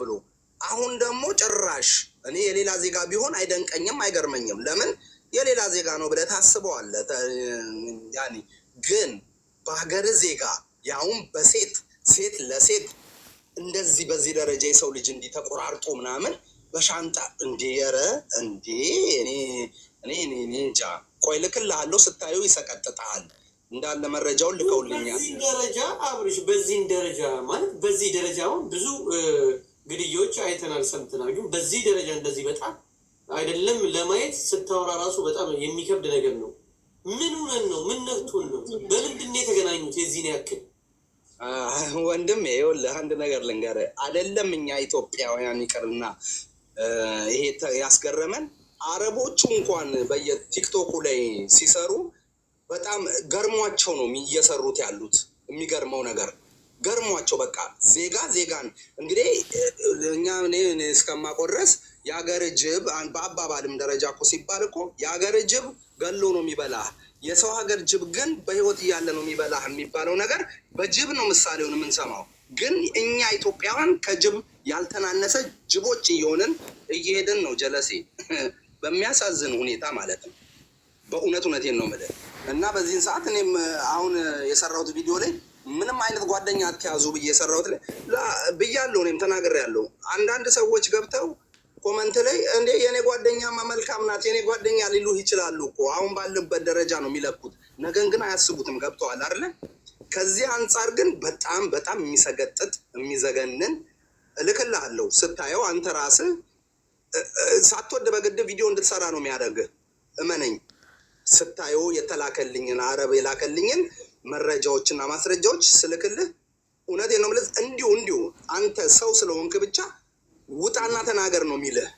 ብሎ አሁን ደግሞ ጭራሽ እኔ የሌላ ዜጋ ቢሆን አይደንቀኝም አይገርመኝም። ለምን የሌላ ዜጋ ነው ብለህ ታስበዋለህ። ግን በሀገር ዜጋ ያውም በሴት ሴት ለሴት እንደዚህ በዚህ ደረጃ የሰው ልጅ እንዲህ ተቆራርጦ ምናምን በሻንጣ እንዲየረ ኧረ እንዴ እኔ እኔ እንጃ። ቆይ ልክልሃለሁ፣ ስታዩ ይሰቀጥጠሃል። እንዳለ መረጃውን ልከውልኛል። በዚህ ደረጃ አብርሽ፣ በዚህ ደረጃ ማለት በዚህ ደረጃ ብዙ ግድያዎች አይተናል፣ ሰምተናል። ግን በዚህ ደረጃ እንደዚህ በጣም አይደለም ለማየት ስታወራ ራሱ በጣም የሚከብድ ነገር ነው። ምን ሆነን ነው? ምን ነክቶን ነው? በምንድን ነው የተገናኙት? የዚህን ያክል ወንድም ይኸውልህ አንድ ነገር ልንገር። አይደለም እኛ ኢትዮጵያውያን ይቅርና ይሄ ያስገረመን አረቦቹ እንኳን በየቲክቶኩ ላይ ሲሰሩ በጣም ገርሟቸው ነው እየሰሩት ያሉት። የሚገርመው ነገር ገርሟቸው በቃ ዜጋ ዜጋን እንግዲህ እኛ እስከማቆረስ የሀገር ጅብ በአባባልም ደረጃ እኮ ሲባል እኮ የሀገር ጅብ ገሎ ነው የሚበላ የሰው ሀገር ጅብ ግን በህይወት እያለ ነው የሚበላ የሚባለው ነገር በጅብ ነው ምሳሌውን የምንሰማው። ግን እኛ ኢትዮጵያውያን ከጅብ ያልተናነሰ ጅቦች እየሆንን እየሄድን ነው። ጀለሴ በሚያሳዝን ሁኔታ ማለት ነው። በእውነት እውነቴን ነው የምልህ እና በዚህን ሰዓት እኔም አሁን የሰራሁት ቪዲዮ ላይ ምንም አይነት ጓደኛ አትያዙ ብዬ የሰራሁት ላይ ብያለሁ። እኔም ተናግሬያለሁ። አንዳንድ ሰዎች ገብተው ኮመንት ላይ እንዴ የኔ ጓደኛማ መልካም ናት የኔ ጓደኛ ሊሉ ይችላሉ እኮ አሁን ባለበት ደረጃ ነው የሚለኩት። ነገን ግን አያስቡትም። ገብተዋል አይደለ? ከዚህ አንጻር ግን በጣም በጣም የሚሰገጥጥ የሚዘገንን እልክልሃለሁ። ስታየው አንተ ራስህ ሳትወድ በግድ ቪዲዮ እንድትሰራ ነው የሚያደርግህ። እመነኝ። ስታየው የተላከልኝን አረብ የላከልኝን መረጃዎችና ማስረጃዎች ስልክልህ እውነት ነው የምልህ። እንዲሁ እንዲሁ አንተ ሰው ስለሆንክ ብቻ ውጣና ተናገር ነው የሚልህ።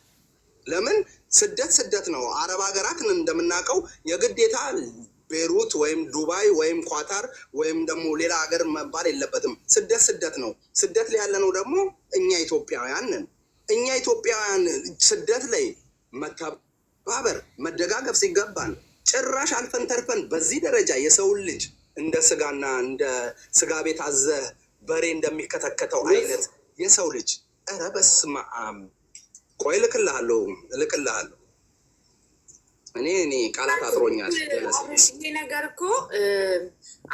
ለምን ስደት ስደት ነው። አረብ ሀገራትን እንደምናውቀው የግዴታ ቤሩት ወይም ዱባይ ወይም ኳታር ወይም ደግሞ ሌላ ሀገር መባል የለበትም። ስደት ስደት ነው። ስደት ላይ ያለነው ደግሞ እኛ ኢትዮጵያውያን ነን። እኛ ኢትዮጵያውያን ስደት ላይ መተባበር መደጋገፍ ሲገባን ጭራሽ አልፈን ተርፈን በዚህ ደረጃ የሰውን ልጅ እንደ ስጋና እንደ ስጋ ቤት አዘ በሬ እንደሚከተከተው አይነት የሰው ልጅ ኧረ በስመ አብ። ቆይ እልክልሃለሁ እልክልሃለሁ። እኔ እኔ ቃላት አጥሮኛል። ይሄ ነገር እኮ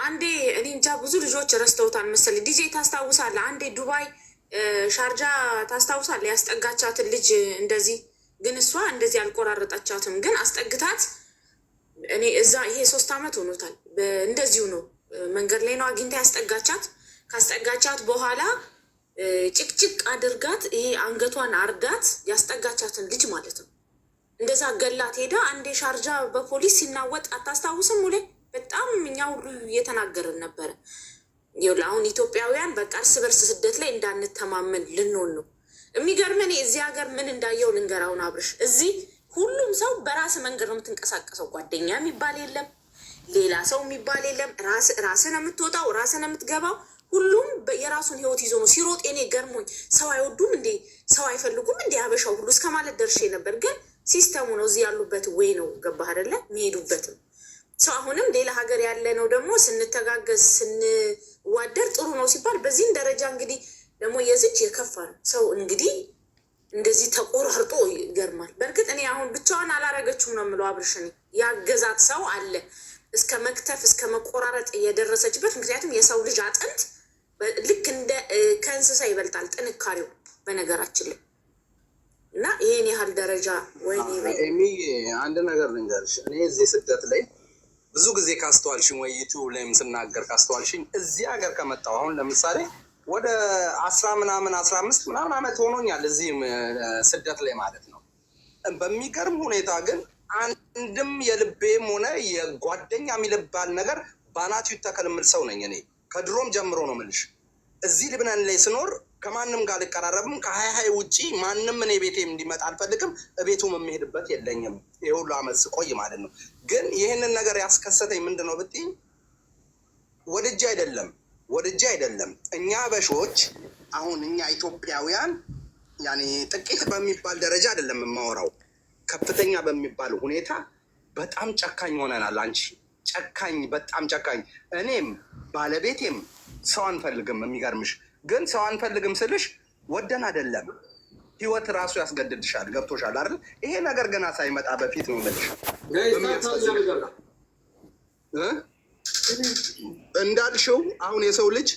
አንዴ እኔ እንጃ ብዙ ልጆች ረስተውታል መሰለኝ። ዲጄ ታስታውሳለህ? አንዴ ዱባይ ሻርጃ ታስታውሳለህ? ያስጠጋቻትን ልጅ እንደዚህ ግን እሷ እንደዚህ አልቆራረጠቻትም፣ ግን አስጠግታት እኔ እዛ ይሄ ሶስት አመት ሆኖታል እንደዚሁ ነው። መንገድ ላይ ነው አግኝታ ያስጠጋቻት። ካስጠጋቻት በኋላ ጭቅጭቅ አድርጋት ይሄ አንገቷን አርዳት ያስጠጋቻትን ልጅ ማለት ነው። እንደዛ ገላት ሄዳ አንዴ ሻርጃ በፖሊስ ሲናወጥ አታስታውስም? ሁሌ በጣም እኛ ሁሉ እየተናገርን ነበረ። አሁን ኢትዮጵያውያን በቃ እርስ በርስ ስደት ላይ እንዳንተማመን ልንሆን ነው። የሚገርመን እዚህ ሀገር ምን እንዳየው ልንገራውን አብርሽ፣ እዚህ ሁሉም ሰው በራስ መንገድ ነው የምትንቀሳቀሰው። ጓደኛ የሚባል የለም ሌላ ሰው የሚባል የለም። ራስን የምትወጣው ራስን የምትገባው ሁሉም የራሱን ህይወት ይዞ ነው ሲሮጥ። እኔ ገርሞኝ ሰው አይወዱም እንዴ ሰው አይፈልጉም እንዴ አበሻው ሁሉ እስከ ማለት ደርሼ ነበር። ግን ሲስተሙ ነው እዚህ ያሉበት ወይ ነው ገባህ አይደለ? የሚሄዱበት ሰው። አሁንም ሌላ ሀገር ያለ ነው ደግሞ ስንተጋገዝ ስንዋደር ጥሩ ነው ሲባል በዚህም ደረጃ እንግዲህ ደግሞ የዝች የከፋ ነው ሰው እንግዲህ እንደዚህ ተቆራርጦ ይገርማል። በእርግጥ እኔ አሁን ብቻዋን አላረገችውም ነው የምለው አብርሽኔ ያገዛት ሰው አለ እስከ መክተፍ እስከ መቆራረጥ የደረሰችበት። ምክንያቱም የሰው ልጅ አጥንት ልክ እንደ ከእንስሳ ይበልጣል ጥንካሬው በነገራችን ላይ እና ይህን ያህል ደረጃ ወይ አንድ ነገር ልንገርሽ። እኔ እዚህ ስደት ላይ ብዙ ጊዜ ካስተዋልሽኝ ወይ ዩቲዩብ ላይም ስናገር ካስተዋልሽኝ እዚህ ሀገር ከመጣሁ አሁን ለምሳሌ ወደ አስራ ምናምን አስራ አምስት ምናምን ዓመት ሆኖኛል እዚህም ስደት ላይ ማለት ነው። በሚገርም ሁኔታ ግን አንድ አንድም የልቤም ሆነ የጓደኛ የሚልባል ነገር ባናቱ ይተከል የምል ሰው ነኝ እኔ ከድሮም ጀምሮ ነው ምልሽ። እዚህ ልብናን ላይ ስኖር ከማንም ጋር አልቀራረብም። ሀይ ውጪ ማንም እኔ ቤቴም እንዲመጣ አልፈልግም። እቤቱም የምሄድበት የለኝም። የሁሉ አመት ስቆይ ማለት ነው። ግን ይህንን ነገር ያስከሰተኝ ምንድን ነው ብትይኝ፣ ወድጄ አይደለም ወድጄ አይደለም። እኛ በሾች አሁን እኛ ኢትዮጵያውያን ያኔ ጥቂት በሚባል ደረጃ አይደለም የማወራው ከፍተኛ በሚባል ሁኔታ በጣም ጨካኝ ሆነናል። አንቺ ጨካኝ፣ በጣም ጨካኝ። እኔም ባለቤቴም ሰው አንፈልግም። የሚገርምሽ ግን ሰው አንፈልግም ስልሽ ወደን አይደለም፣ ህይወት ራሱ ያስገድድሻል። ገብቶሻል አይደል? ይሄ ነገር ገና ሳይመጣ በፊት ነው የምልሽ። እንዳልሽው አሁን የሰው ልጅ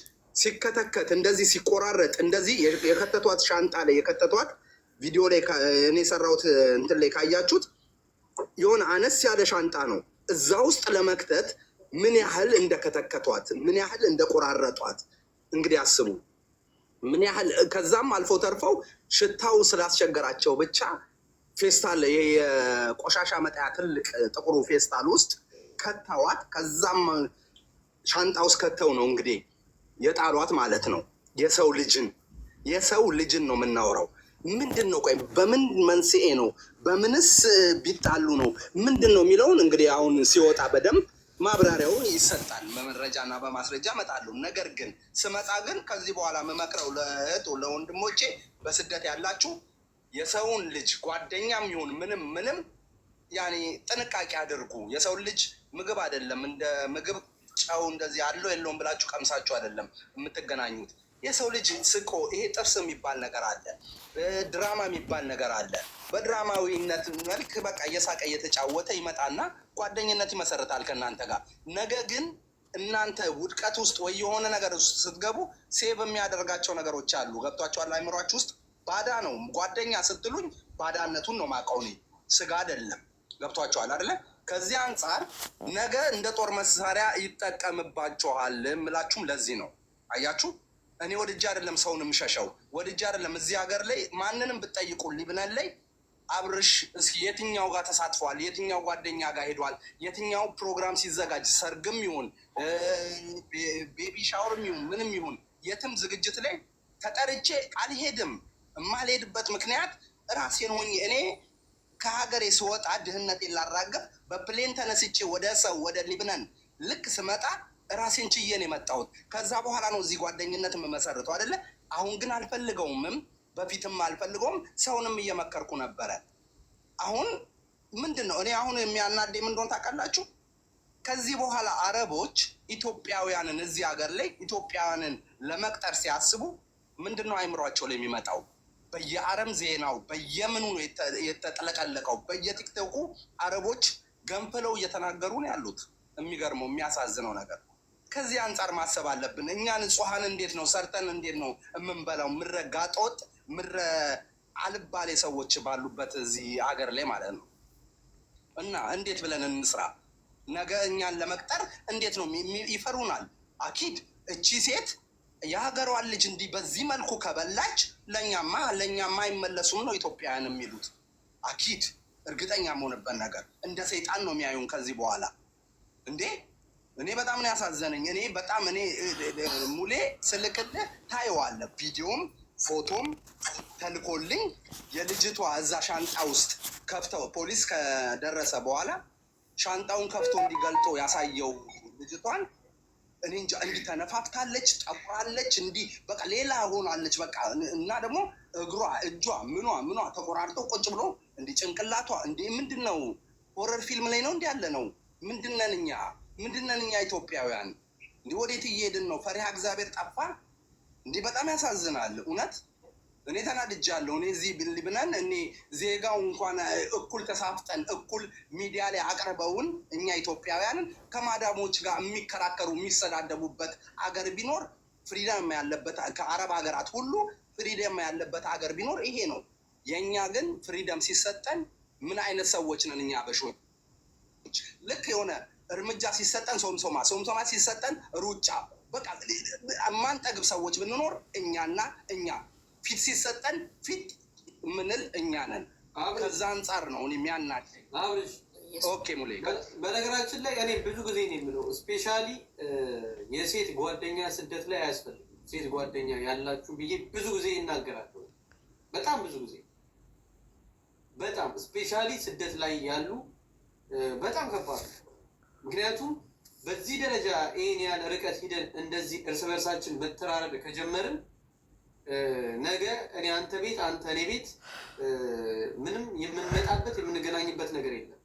ሲከተከት እንደዚህ ሲቆራረጥ እንደዚህ የከተቷት ሻንጣ ላይ የከተቷት ቪዲዮ ላይ እኔ የሰራሁት እንትን ላይ ካያችሁት የሆነ አነስ ያለ ሻንጣ ነው። እዛ ውስጥ ለመክተት ምን ያህል እንደከተከቷት፣ ምን ያህል እንደቆራረጧት እንግዲህ አስቡ። ምን ያህል ከዛም አልፎ ተርፈው ሽታው ስላስቸገራቸው ብቻ ፌስታል የቆሻሻ መጣያ ትልቅ ጥቁሩ ፌስታል ውስጥ ከተዋት። ከዛም ሻንጣ ውስጥ ከተው ነው እንግዲህ የጣሏት ማለት ነው። የሰው ልጅን የሰው ልጅን ነው የምናወራው። ምንድን ነው? ቆይ በምን መንስኤ ነው? በምንስ ቢጣሉ ነው? ምንድን ነው የሚለውን እንግዲህ አሁን ሲወጣ በደንብ ማብራሪያው ይሰጣል። በመረጃና በማስረጃ እመጣለሁ። ነገር ግን ስመጣ ግን ከዚህ በኋላ የምመክረው ለእህቱ ለወንድሞቼ በስደት ያላችሁ የሰውን ልጅ ጓደኛም ይሁን ምንም ምንም ያኔ ጥንቃቄ አድርጉ። የሰውን ልጅ ምግብ አይደለም እንደ ምግብ ጨው እንደዚህ አለው የለውም ብላችሁ ቀምሳችሁ አይደለም የምትገናኙት የሰው ልጅ ስቆ ይሄ ጥርስ የሚባል ነገር አለ፣ ድራማ የሚባል ነገር አለ። በድራማዊነት መልክ በቃ እየሳቀ እየተጫወተ ይመጣና ጓደኝነት ይመሰርታል ከእናንተ ጋር። ነገ ግን እናንተ ውድቀት ውስጥ ወይ የሆነ ነገር ውስጥ ስትገቡ ሴቭ የሚያደርጋቸው ነገሮች አሉ። ገብቷቸዋል አይምሯችሁ ውስጥ ባዳ ነው። ጓደኛ ስትሉኝ ባዳነቱን ነው ማውቀው ስጋ አይደለም። ገብቷቸዋል አደለ? ከዚህ አንጻር ነገ እንደ ጦር መሳሪያ ይጠቀምባቸኋል ምላችሁም ለዚህ ነው አያችሁ እኔ ወድጄ አይደለም ሰውን የምሸሸው፣ ወድጄ አይደለም እዚህ ሀገር ላይ ማንንም ብጠይቁ ሊብነን ላይ አብርሽ እስኪ የትኛው ጋር ተሳትፏል? የትኛው ጓደኛ ጋር ሄዷል? የትኛው ፕሮግራም ሲዘጋጅ ሰርግም ይሁን ቤቢ ሻወርም ይሁን ምንም ይሁን የትም ዝግጅት ላይ ተጠርቼ አልሄድም። የማልሄድበት ምክንያት ራሴን ሆኜ እኔ ከሀገሬ ስወጣ ድህነቴን ላራገፍ በፕሌን ተነስቼ ወደ ሰው ወደ ሊብነን ልክ ስመጣ ራሴን ችዬን የመጣሁት ከዛ በኋላ ነው እዚህ ጓደኝነት የምመሰርተው አይደለ። አሁን ግን አልፈልገውምም፣ በፊትም አልፈልገውም። ሰውንም እየመከርኩ ነበረ። አሁን ምንድን ነው እኔ አሁን የሚያናደኝ ምን ታውቃላችሁ? ከዚህ በኋላ አረቦች ኢትዮጵያውያንን እዚህ ሀገር ላይ ኢትዮጵያውያንን ለመቅጠር ሲያስቡ ምንድን ነው አይምሯቸው ላይ የሚመጣው? በየአረም ዜናው በየምኑ የተጠለቀለቀው። በየቲክቶኩ አረቦች ገንፍለው እየተናገሩ ነው ያሉት። የሚገርመው የሚያሳዝነው ነገር ከዚህ አንጻር ማሰብ አለብን። እኛ ንጹሐን እንዴት ነው ሰርተን እንዴት ነው የምንበላው? ምረ ጋጦጥ ምረ አልባሌ ሰዎች ባሉበት እዚህ አገር ላይ ማለት ነው። እና እንዴት ብለን እንስራ? ነገ እኛን ለመቅጠር እንዴት ነው ይፈሩናል። አኪድ እቺ ሴት የሀገሯን ልጅ እንዲህ በዚህ መልኩ ከበላች ለእኛማ ለእኛማ አይመለሱም ነው ኢትዮጵያውያን የሚሉት። አኪድ እርግጠኛ መሆንበት ነገር እንደ ሰይጣን ነው የሚያዩን ከዚህ በኋላ እንዴ እኔ በጣም ነው ያሳዘነኝ። እኔ በጣም እኔ ሙሌ ስልክልህ ታየዋለህ። ቪዲዮም ፎቶም ተልኮልኝ የልጅቷ እዛ ሻንጣ ውስጥ ከፍተው ፖሊስ ከደረሰ በኋላ ሻንጣውን ከፍቶ እንዲገልጦ ያሳየው ልጅቷን እኔ እንጃ እንዲህ ተነፋፍታለች፣ ጠቁራለች፣ እንዲህ በቃ ሌላ ሆናለች። በቃ እና ደግሞ እግሯ፣ እጇ፣ ምኗ ምኗ ተቆራርጦ ቁጭ ብሎ እንዲህ ጭንቅላቷ እንዲህ ምንድን ነው? ሆረር ፊልም ላይ ነው እንዲህ ያለ ነው። ምንድነን እኛ? ምንድነን እኛ ኢትዮጵያውያን? እንዲህ ወዴት እየሄድን ነው? ፈሪሃ እግዚአብሔር ጠፋ። እንዲህ በጣም ያሳዝናል እውነት። እኔ ተናድጃለሁ። እኔ እዚህ ብለን እኔ ዜጋው እንኳን እኩል ተሳፍጠን እኩል ሚዲያ ላይ አቅርበውን እኛ ኢትዮጵያውያንን ከማዳሞች ጋር የሚከራከሩ የሚሰዳደቡበት አገር ቢኖር ፍሪደም ያለበት ከአረብ ሀገራት ሁሉ ፍሪደም ያለበት አገር ቢኖር ይሄ ነው። የእኛ ግን ፍሪደም ሲሰጠን ምን አይነት ሰዎች ነን እኛ በሾች ልክ የሆነ እርምጃ ሲሰጠን ሶምሶማ፣ ሶምሶማ ሲሰጠን ሩጫ። በቃ ማንጠግብ ሰዎች ብንኖር እኛና እኛ ፊት ሲሰጠን ፊት ምንል እኛ ነን። ከዛ አንጻር ነው እኔ የሚያናድ ኦኬ ሙሌ፣ በነገራችን ላይ እኔ ብዙ ጊዜ ነው የምለው ስፔሻሊ የሴት ጓደኛ ስደት ላይ አያስፈልግም። ሴት ጓደኛ ያላችሁ ብዬ ብዙ ጊዜ ይናገራለሁ። በጣም ብዙ ጊዜ በጣም ስፔሻሊ ስደት ላይ ያሉ በጣም ከባድ ነው። ምክንያቱም በዚህ ደረጃ ይህን ያህል ርቀት ሂደን እንደዚህ እርስ በርሳችን መተራረድ ከጀመርን ነገ እኔ አንተ ቤት አንተ እኔ ቤት ምንም የምንመጣበት የምንገናኝበት ነገር የለም።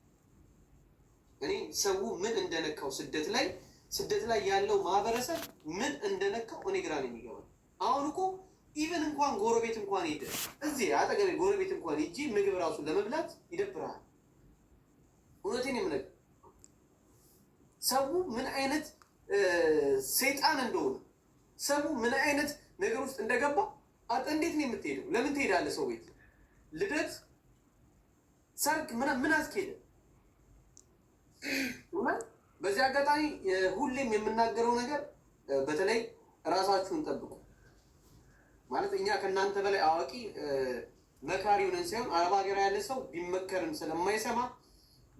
እኔ ሰው ምን እንደነካው ስደት ላይ ስደት ላይ ያለው ማህበረሰብ ምን እንደነካው እኔ ግራ ነው የሚገባው። አሁን እኮ ኢቨን እንኳን ጎረቤት እንኳን ሄደ እዚህ አጠገቤ ጎረቤት እንኳን ሂጂ ምግብ ራሱ ለመብላት ይደብርሃል። እውነቴን የምነግርህ ሰው ምን አይነት ሰይጣን እንደሆነ ሰው ምን አይነት ነገር ውስጥ እንደገባ እንዴት ነው የምትሄደው? ለምን ትሄዳለህ? ሰው ቤት ልደት፣ ሰርግ ምን አስኬደ? በዚህ አጋጣሚ ሁሌም የምናገረው ነገር በተለይ እራሳችሁን ጠብቁ። ማለት እኛ ከእናንተ በላይ አዋቂ መካሪ ሆነን ሳይሆን አረብ ሀገር ያለ ሰው ቢመከርም ስለማይሰማ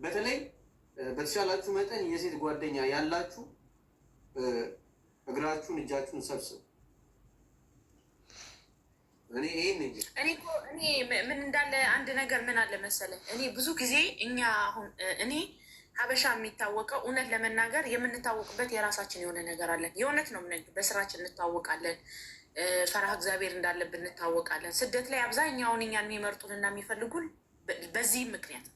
በተለይ በተሻላችሁ መጠን የሴት ጓደኛ ያላችሁ እግራችሁን እጃችሁን ሰብስቡ። እኔ ይህን እኔ ምን እንዳለ አንድ ነገር ምን አለ መሰለ እኔ ብዙ ጊዜ እኛ አሁን እኔ ሀበሻ የሚታወቀው እውነት ለመናገር የምንታወቅበት የራሳችን የሆነ ነገር አለን። የእውነት ነው የምነግርህ፣ በስራችን እንታወቃለን። ፈራህ እግዚአብሔር እንዳለብን እንታወቃለን። ስደት ላይ አብዛኛውን እኛን የሚመርጡንና የሚፈልጉን በዚህ ምክንያት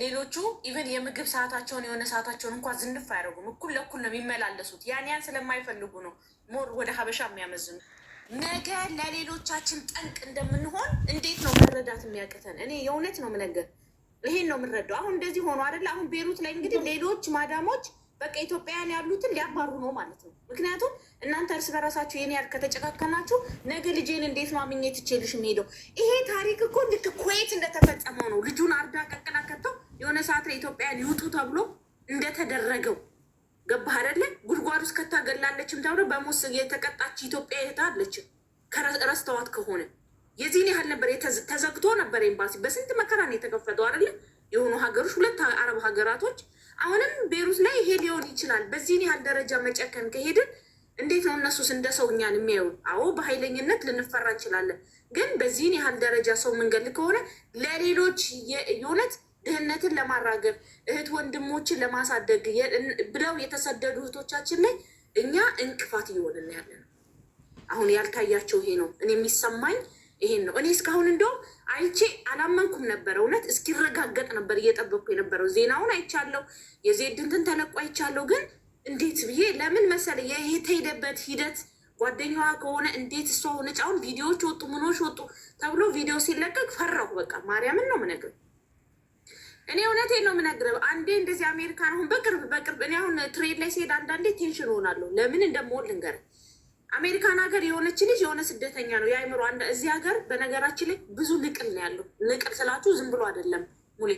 ሌሎቹ ኢቨን የምግብ ሰዓታቸውን የሆነ ሰዓታቸውን እንኳን ዝንፍ አያደርጉም። እኩል ለኩል ነው የሚመላለሱት። ያን ያን ስለማይፈልጉ ነው ሞር ወደ ሀበሻ የሚያመዝኑ። ነገ ለሌሎቻችን ጠንቅ እንደምንሆን እንዴት ነው መረዳት የሚያቅተን? እኔ የእውነት ነው ምነገር ይሄን ነው የምንረዳው። አሁን እንደዚህ ሆኖ አደለ። አሁን ቤሩት ላይ እንግዲህ ሌሎች ማዳሞች በቃ ኢትዮጵያውያን ያሉትን ሊያባሩ ነው ማለት ነው። ምክንያቱም እናንተ እርስ በራሳችሁ የኔ ያል ከተጨካከናችሁ ነገ ልጄን እንዴት ማምኘት ትችልሽ የሚሄደው ይሄ ታሪክ እኮ ልክ ኩዌት እንደተፈጸመው ነው። ልጁን አርዳ ቀቅላ የሆነ ሰዓት ላይ ኢትዮጵያን ይውጡ ተብሎ እንደተደረገው ገባህ አይደለ? ጉድጓድ ውስጥ ከታገላለችም ተብሎ በሞስ የተቀጣች ኢትዮጵያ የታለችም ከረስተዋት ከሆነ የዚህን ያህል ነበር። ተዘግቶ ነበር ኤምባሲ። በስንት መከራ ነው የተከፈተው አይደለ? የሆኑ ሀገሮች ሁለት አረብ ሀገራቶች አሁንም ቤሩት ላይ ይሄ ሊሆን ይችላል። በዚህን ያህል ደረጃ መጨከን ከሄድን እንዴት ነው እነሱስ እንደ ሰው እኛን የሚያዩ? አዎ በኃይለኝነት ልንፈራ እንችላለን፣ ግን በዚህን ያህል ደረጃ ሰው መንገድ ከሆነ ለሌሎች የእውነት ድህነትን ለማራገብ እህት ወንድሞችን ለማሳደግ ብለው የተሰደዱ እህቶቻችን ላይ እኛ እንቅፋት እየሆንን ያለ ነው። አሁን ያልታያቸው ይሄ ነው። እኔ የሚሰማኝ ይሄን ነው። እኔ እስካሁን እንደውም አይቼ አላመንኩም ነበረ። እውነት እስኪረጋገጥ ነበር እየጠበቅኩ የነበረው። ዜናውን አይቻለሁ፣ የዜድ እንትን ተለቆ አይቻለሁ። ግን እንዴት ብዬ ለምን መሰለ የተሄደበት ሂደት ጓደኛዋ ከሆነ እንዴት እሷ ሆነች። አሁን ቪዲዮዎች ወጡ፣ ምኖች ወጡ ተብሎ ቪዲዮ ሲለቀቅ ፈራሁ። በቃ ማርያምን ነው የምነግርህ እኔ እውነት ነው የምነግርህ። አንዴ እንደዚህ አሜሪካን አሁን በቅርብ በቅርብ እኔ አሁን ትሬድ ላይ ሲሄድ አንዳንዴ ቴንሽን ሆናለሁ። ለምን እንደምወድ ልንገርህ። አሜሪካን ሀገር የሆነች ልጅ የሆነ ስደተኛ ነው የአይምሮ አንድ እዚህ ሀገር በነገራችን ላይ ብዙ ንቅል ነው ያለው። ንቅል ስላችሁ ዝም ብሎ አይደለም ሙሌ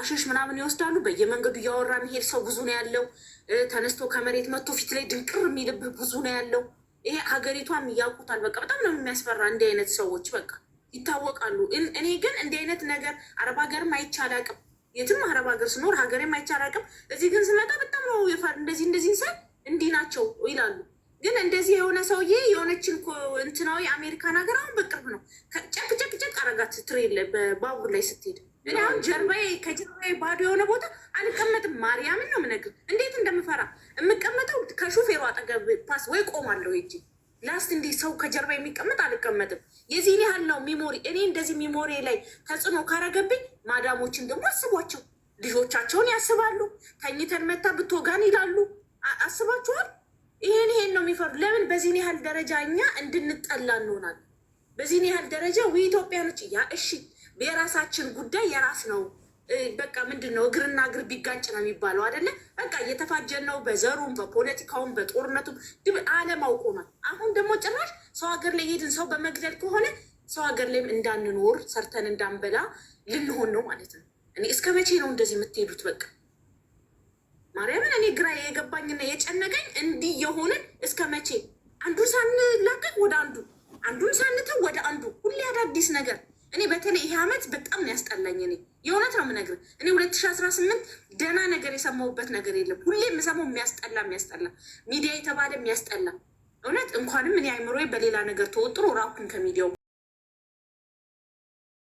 አሸሽ ምናምን ይወስዳሉ። በየመንገዱ እያወራ መሄድ ሰው ብዙ ነው ያለው። ተነስቶ ከመሬት መጥቶ ፊት ላይ ድንቅር የሚልብህ ብዙ ነው ያለው። ይሄ ሀገሪቷም ያውቁታል። በቃ በጣም ነው የሚያስፈራ እንዲህ አይነት ሰዎች በቃ ይታወቃሉ። እኔ ግን እንዲህ አይነት ነገር አረብ ሀገርም አይቻል አቅም የትም አረብ ሀገር ስኖር ሀገሬም አይቻል አቅም እዚህ ግን ስመጣ በጣም ነው እንደዚህ እንደዚህ ሰ እንዲህ ናቸው ይላሉ። ግን እንደዚህ የሆነ ሰውዬ የሆነችን እንትናዊ አሜሪካን ሀገር አሁን በቅርብ ነው ጨቅ ጨቅ ጨቅ አረጋት ትሬለ በባቡር ላይ ስትሄድ እኔ አሁን ጀርባዬ ከጀርባዬ ባዶ የሆነ ቦታ አልቀመጥም። ማርያምን ነው የምነግርህ እንዴት እንደምፈራ የምቀመጠው ከሹፌሩ አጠገብ ፓስ ወይ ቆማለሁ ሄጄ ላስት እንዲህ ሰው ከጀርባ የሚቀመጥ አልቀመጥም። የዚህን ያህል ነው ሚሞሪ። እኔ እንደዚህ ሚሞሪ ላይ ተጽዕኖ ካረገብኝ ማዳሞችን ደግሞ አስቧቸው። ልጆቻቸውን ያስባሉ። ተኝተን መታ ብትወጋን ይላሉ። አስባችኋል? ይሄን ይሄን ነው የሚፈሩ። ለምን በዚህን ያህል ደረጃ እኛ እንድንጠላ እንሆናል? በዚህን ያህል ደረጃ ዊ ኢትዮጵያኖች ያ እሺ፣ የራሳችን ጉዳይ የራስ ነው በቃ ምንድን ነው እግርና እግር ቢጋጭ ነው የሚባለው አይደለ? በቃ እየተፋጀን ነው በዘሩም በፖለቲካውም በጦርነቱም ዓለም አውቆ ነው። አሁን ደግሞ ጭራሽ ሰው ሀገር ላይ ሄድን ሰው በመግደል ከሆነ ሰው ሀገር ላይም እንዳንኖር ሰርተን እንዳንበላ ልንሆን ነው ማለት ነው። እኔ እስከ መቼ ነው እንደዚህ የምትሄዱት? በቃ ማርያምን፣ እኔ ግራ የገባኝና የጨነቀኝ እንዲህ የሆንን እስከ መቼ አንዱን ሳንላቀቅ ወደ አንዱ አንዱን ሳንተው ወደ አንዱ ሁሌ አዳዲስ ነገር። እኔ በተለይ ይሄ ዓመት በጣም ነው ያስጠላኝ እኔ የእውነት ነው የምነግርህ። እኔ ሁለት ሺህ አስራ ስምንት ደህና ነገር የሰማሁበት ነገር የለም። ሁሌ የምሰማው የሚያስጠላ የሚያስጠላ ሚዲያ የተባለ የሚያስጠላ እውነት። እንኳንም እኔ አይምሮዬ በሌላ ነገር ተወጥሮ ራኩን ከሚዲያው